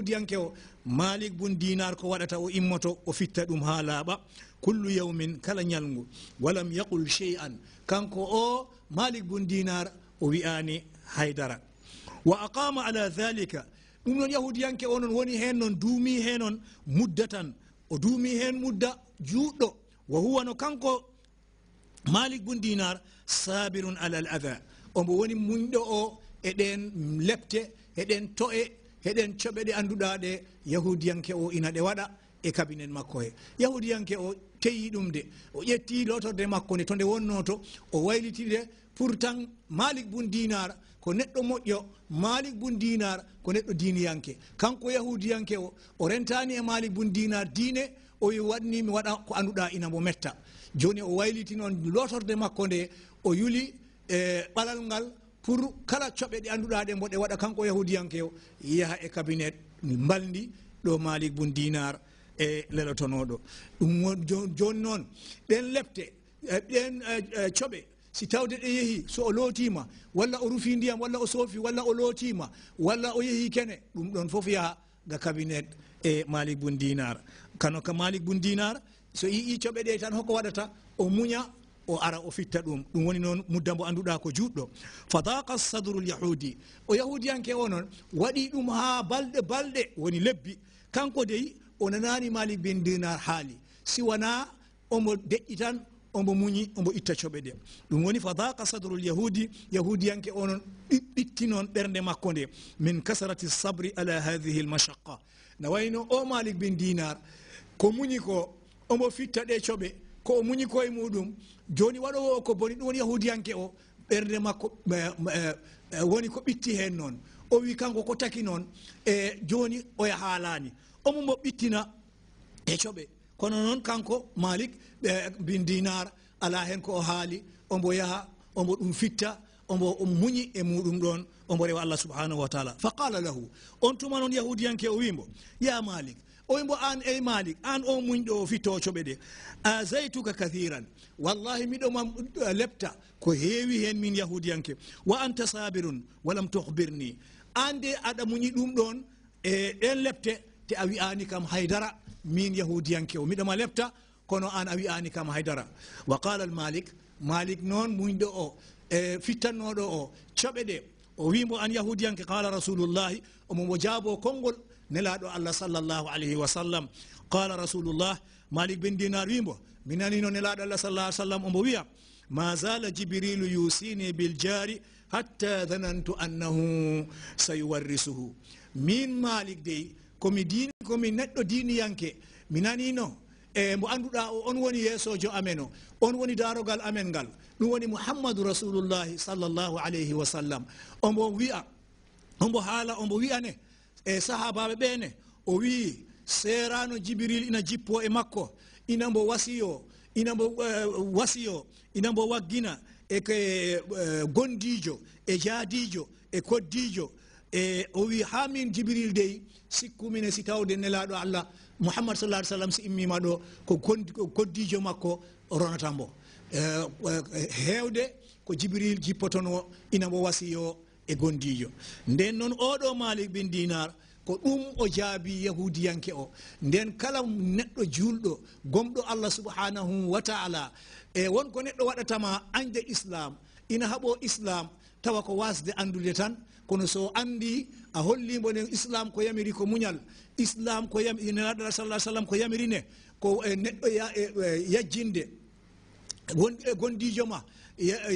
yahudiyanke o malik bun dinar ko waɗata o immoto o fitta ɗum ha laaɓa kullu yawmin kala ñalngu walam yaqul chey an kanko o malik bun dinar o wi'ani haydara wa aqama ala dhalika ɗum noon yahudiyanke o noon woni hen noon duumi he noon mudda o duumi hen mudda juuɗɗo wa huwa no kanko malik bun dinar sabirun ala al ada omo woni muñɗo o eden lepte eden to'e heɗen coɓe ɗe annduɗa ɗe yahudiyanke o ina ɗe waɗa e kabinen makko he yahudiyanke o teyi ɗum de o ƴetti lotorde makko nde to nde wonno to o wayliti de pourtan malik bun dinar ko neɗɗo moƴƴo malik bun dinar ko neɗɗo diniyanke kanko yahudiyanke o o rentani e malik bun dinar dine o waɗni mi waɗa ko annduɗa inamo metta joni o wayliti noon lotorde makko nde o yuli e ɓalal ngal pour kala coɓe ɗe annduɗa ɗe mboɗe waɗa kanko yahudiyanke o yaha e cabinet mbaldi ɗo malik bun dinar e lelotonoɗo ɗum joni noon ɗen lefte ɗen e, coɓe e, si tawde ɗe yeehi so o lootima walla o rufi ndiyam walla o soofi walla o lootima walla o yeehi kene ɗum ɗon foof yaha ga cabinet e malik bun dinar kano ka malik bun dinar so yii coɓe ɗe tan hoko waɗata o muña o ara o fitta ɗum ɗum woni noon mudda mbo annduɗa ko juuɗɗo fadaka sadrul yahudi o yahudiyanke o noon waɗi ɗum ha balɗe balɗe woni lebbi kanko dey o nanani mali bin dinar haali siwana omo deƴƴi tan omo muñi omo itta coɓe ɗe ɗum woni fadaka sadrul yahudi yahudiyanke o noon ɓitti noon ɓernde makko nde min kasrati sabri ala hadihi lmachaqa na wayno o malik bin dinar ko muñi ko omo fitta ɗe coɓe ko o muñi e muɗum joni waɗowo o ko boni ɗum woni yahudiyanke o ɓernde makko woni ko ɓitti hen noon o wi kanko ko taki noon e joni oya haalani omo mbo ɓittina e coɓe kono noon kanko malik bin dinar ala hen ko o haali ombo yaha ombo ɗum fitta ombo muñi e muɗum ɗon ombo rewa allah subhanahu wa taala fa qala lahu on tuma noon yahudiyanke o wimbo ya malik oymo an ey malik an o muñɗo o fittocoɓe ɗe asaytuka kathiran wallahi miɗomam lepta ko heewi hen min yahudiyanke wa anta sabirun walam tohbirni ande de aɗa muñi ɗum ɗon e ɗen lepte te a wiyani kam haydara min yahudiyanke o miɗoma lepta kono an a wiyani kam haydara wa qala al malik malik noon muñɗo o e fittannoɗo o coɓe ɗe o wimo an yahudiyanke qala rasulullahi omo mo jaabo konngol نلادو الله صلى الله عليه وسلم قال رسول الله مالك بن دينار ويمبو من أنينو نلادو الله صلى الله عليه وسلم أمبويا ما زال جبريل يوسيني بالجاري حتى ظننت أنه سيورسه من مالك دي كومي دين كومي نتو دين يانكي من أنينو e mo anduda o on woni yeso jo ameno on woni darogal amen gal du woni muhammadu rasulullah sallallahu alayhi wa sallam on bo wi'a on bo hala on e eh, sahabaɓe ɓene o wi serano jibril ina jippo e makko ina mbo wasiyo ina mbo eh, wasiyo ina mbo waggina e ke eh, gondijo e jaadijo e koddijo e o wi ha min jibril dey sikkumine si tawde nelaɗo allah sa sallah sallam si immima ɗo ko koddijo makko ronatambo hewde ko jibril jippotono ina mbo wasiyo e gondijo nden noon oɗo malik bin dinar ko ɗum o jaabi yahudiyanke o nden kala neɗɗo julɗo gomɗo allah subhanahu wa taala e wonko neɗɗo waɗatama ande islam ina haaɓo islam tawa ko wasde andude tan kono so andi a hollimo nde islam ko yamiri ko muñal islam ko yamnaɗaa sa sallam ko yamirine ko e neɗɗo e, e, yajjinde e gondijo ma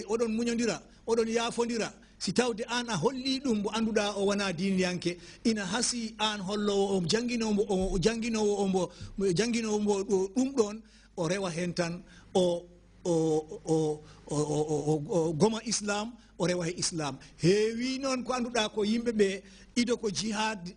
oɗon muñodira oɗon yaafodira si tawde an a holli ɗum mo annduɗa o wona diniyanke ina hasi an hollowo o jangguinowo janguinowo ombo janguinowo mbo ɗo ɗum ɗon o rewa hen tan o o goma islam o rewa e islam heewi noon ko annduɗa ko yimɓeɓe ido ko jihad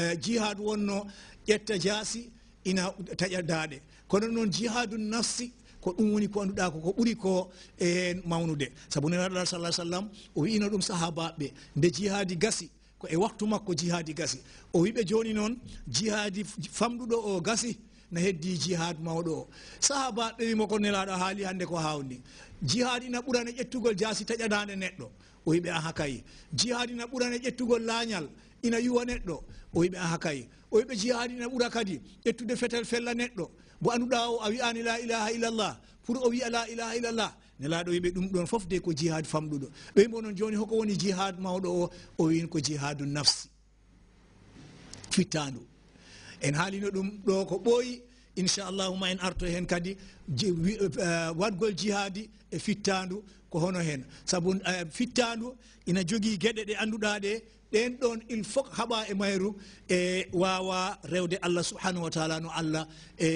e, jihad wonno ƴetta jaasi ina taƴa daaɗe kono noon jihadu nafsi ko ɗum woni ko annduɗa ko ko ko e eh, mawnude saabu sabu nelaɗo sallah sallam o wiino ɗum sahabaɓe nde jihaadi gasi ko e waktu makko jihaadi gasi o wiɓe joni noon jihaadi famɗuɗo o gasi no heddi jihad mawɗo o sahaba ɗewimo ko nelaɗo haali hande ko hawni jihad ina ɓurane ƴettugol jaasi taƴanade neɗɗo o wiɓe aha kayi jihad ina ɓurane ƴettugol laañal ina yuwa neɗɗo o yiɓe aha kay o yiɓe jihaadina ɓura kadi ƴettude fetel fella neɗɗo mbo annduɗa o a wiyani la ilaha illallah pour o wiya la ilaha illallah nelaɗo yiɓe ɗum ɗon foof de ko jihad famɗuɗo ɓe yimbo noon joni hoko woni jihad mawɗo o o win ko jihadu nafsi fittandu en haalino ɗum ɗo ko ɓooyi inchallahu ma en arto hen kadi waɗgol jihaadi e fittandu ko hono hen saabu fittandu ina jogii geɗe ɗe annduɗa ɗe ɗen ɗon il faut haɓa e mayru e wawa rewde allah subhanahu wa taala no allah e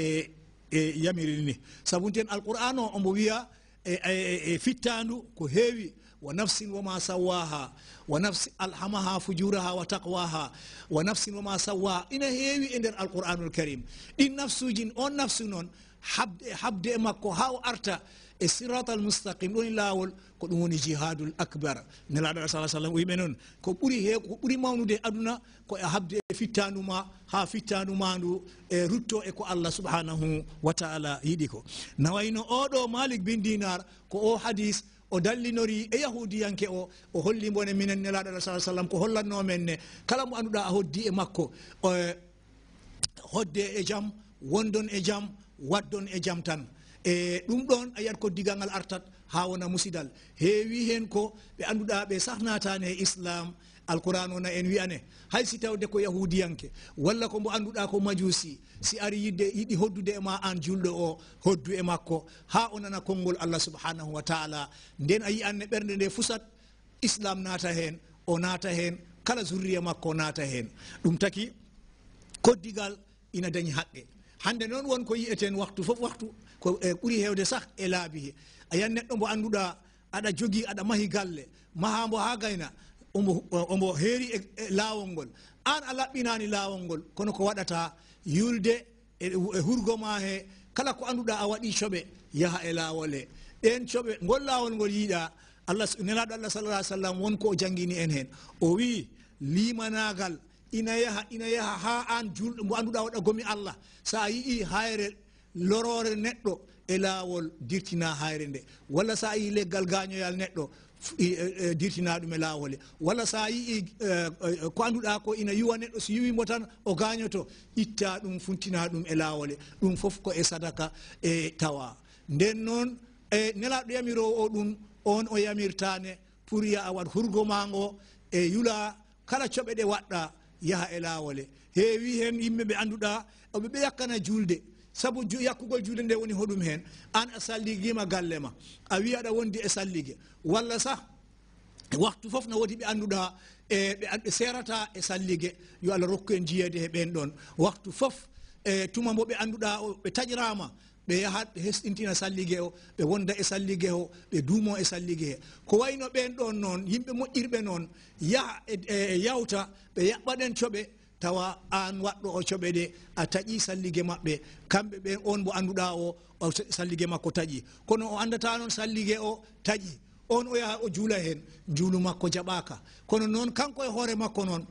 e yamirini ni sabu ten alqur'an o omo wiya e fittandu ko heewi ونفس وما سواها ونفس الحمها فجورها وتقواها ونفس وما سواها إن هي عند القرآن الكريم إن نفس جن أو نفس نون حبد حبد مكو هاو أرتا الصراط المستقيم لون لاول كون هوني جهاد الأكبر نلا صلى الله عليه وسلم ويمنون كبري هي كبري ما نود أدنى أدنا كو حبد فتانو ما ها ما نو إيه، رتو إكو الله سبحانه وتعالى يديكو نواينو أودو مالك بن دينار كو أو حديث o dallinori e yahudiyanke o o holli bone minen nelaɗo alah saa sallam ko men ne kala mo annduɗa a hoddi e makko hodde e jaam wondon e jaam waddon e jaam tan e ɗum ɗon a yiyat ko digal ngal artat ha wona musidal heewi hen ko ɓe annduɗa ɓe sahnatani e islam alquran ona en wiyane hay si tawde ko yahudiyanke walla ko mbo anduɗa ko majusi si ari yidde yiɗi hoddude ema an julɗo o hoddu e makko ha o nana konngol allah subhanahu wa taala nden a yiyanne ɓerde nde fusat islam naata hen o naata hen kala zurriya makko o naata hen ɗum taki koddigal ina dañi haqqe hande noon wonko yiyeten waktu foof waktu ko e, ɓuuri hewde sah e laabi a yiyan neɗɗo mbo anduɗa aɗa jogui aɗa mahi galle maha mbo ha gayna omo omo heeri e, e laawol ngol aan a laɓɓinaani laawol ngol kono ko waɗata yulde e, e hurgo ma he kala ko annduɗaa a waɗii coɓe yaha e laawol he ɗeen coɓe ngol laawol ngol yiiɗaa allah nenaaɗo allah sal alah sallam wonko o janngini en heen o wii liimanaagal ina yaha ina yaha haa aan julɗo mo annduɗaa waɗa gomi allah so a yiɗii hayre loroore neɗɗo e laawol dirtinaa hayre nde walla so a yii leggal gaañoyal neɗɗo E, e, dirtina ɗum e laawole walla so a yii ko anduɗa ko ina yiwa neɗɗo so yiwimo tan o gañoto itta ɗum funtina ɗum e laawole ɗum foof ko e sadaka e tawa nden noon e nelaɗo yamirowo o ɗum on o yamirtane pour ya a wat hurgo ma ngo e yula kala coɓe ɗe waɗɗa yaha e laawole heewi hen yimɓeɓe anduɗa oɓe ɓe yakkana julde saabu yakkugol juuɗe nde woni hoɗum heen aan a salligi ma galle ma a wiya aɗa wondi e sallige walla sa waktu fof no wodi ɓe annduɗa e ɓe ɓe serata e sallige yo allah rokku en jiyeede he ɓen ɗon waktu fof e tuma mbo ɓe annduɗa o ɓe taƴirama ɓe yaha ɓe hesɗintina sallige o ɓe wonda e sallige o ɓe duumo e sallige he ko wayno ɓen ɗon noon yimɓe moƴƴirɓe noon yaha e, e yawta ɓe yaɓɓa ɗen coɓe tawa an waɗɗo o coɓe ɗe a taƴi sallige maɓɓe kamɓe ɓen on mo annduɗa o sallige makko taƴi kono o andata noon sallige o taƴi on o yaha o juula hen juulu makko jaɓaka kono noon kanko e hoore makko noon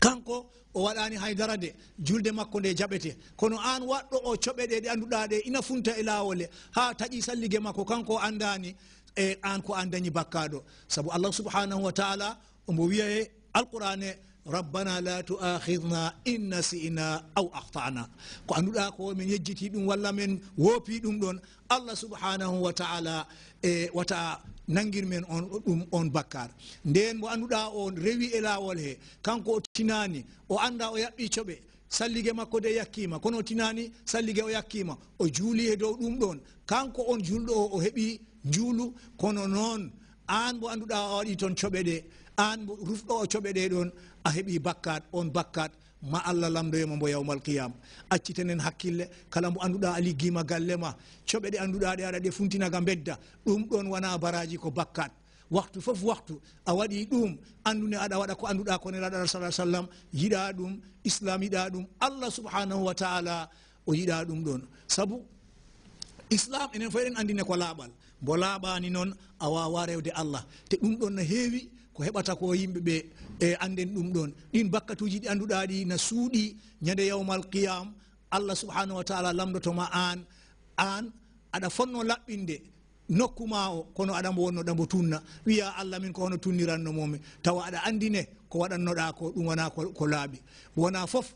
kanko o waɗani haydara de julde makko nde jaɓete kono an waɗɗo o coɓe ɗe ɗe annduɗa ɗe ina funta e lawole ha taƴi sallige makko kanko o andani e an ko an dañi bakkaɗo saabu allah subhanahu wa taala omo wiyaye alqurane rabbana la tuahidna in nasina aw ahtana ko annduɗa ko min yejjiti ɗum walla men woopi ɗum ɗon allah subhanahu wa taala e wata nangirmen on ɗum on bakkar nden mo annduɗa o rewi e lawol he kanko o tinani o anda o yaɓɓi coɓe sallige makko de yakkima kono o tinani sallige o yakkima o juuli e dow ɗum ɗon kanko on julɗo o o heeɓi juulu kono noon an mo annduɗa o waɗi toon coɓe ɗe an rufɗo o coɓe ɗe ɗon a heeɓi bakkat on bakkat ma allah lamdoyoma mbo yawmal qiyama accitenen hakkille kala mo annduɗa a liggima galle ma coɓe ɗe annduɗa ɗe aɗa ɗe funtinaga bedda ɗum ɗon wona baraji ko bakkat waktu fof waktu a waɗi ɗum andune aɗa waɗa ko annduɗa ko neraɗo sa sallam yiɗa ɗum islam yiɗa ɗum allah subhanahu wa taala o yiɗa ɗum ɗon saabu islam enen fof eɗen andine ko laaɓal mbo laaɓani noon a wawa rewde allah te ɗum ɗon no heewi ko heɓata ko yimɓeɓe e anden ɗum ɗon ɗin bakkat uji ɗi anduɗa ɗi na suuɗi ñande yawmal qiyam allah subhanahu wa taala lamdotoma an an aɗa fonno laɓɓinde nokkuma o kono aɗa mbo wonno ɗambo tunna wiya allah min ko hono tunnirannomomi tawa aɗa andine ko waɗannoɗa ko ɗum wona ko laaɓi wona foof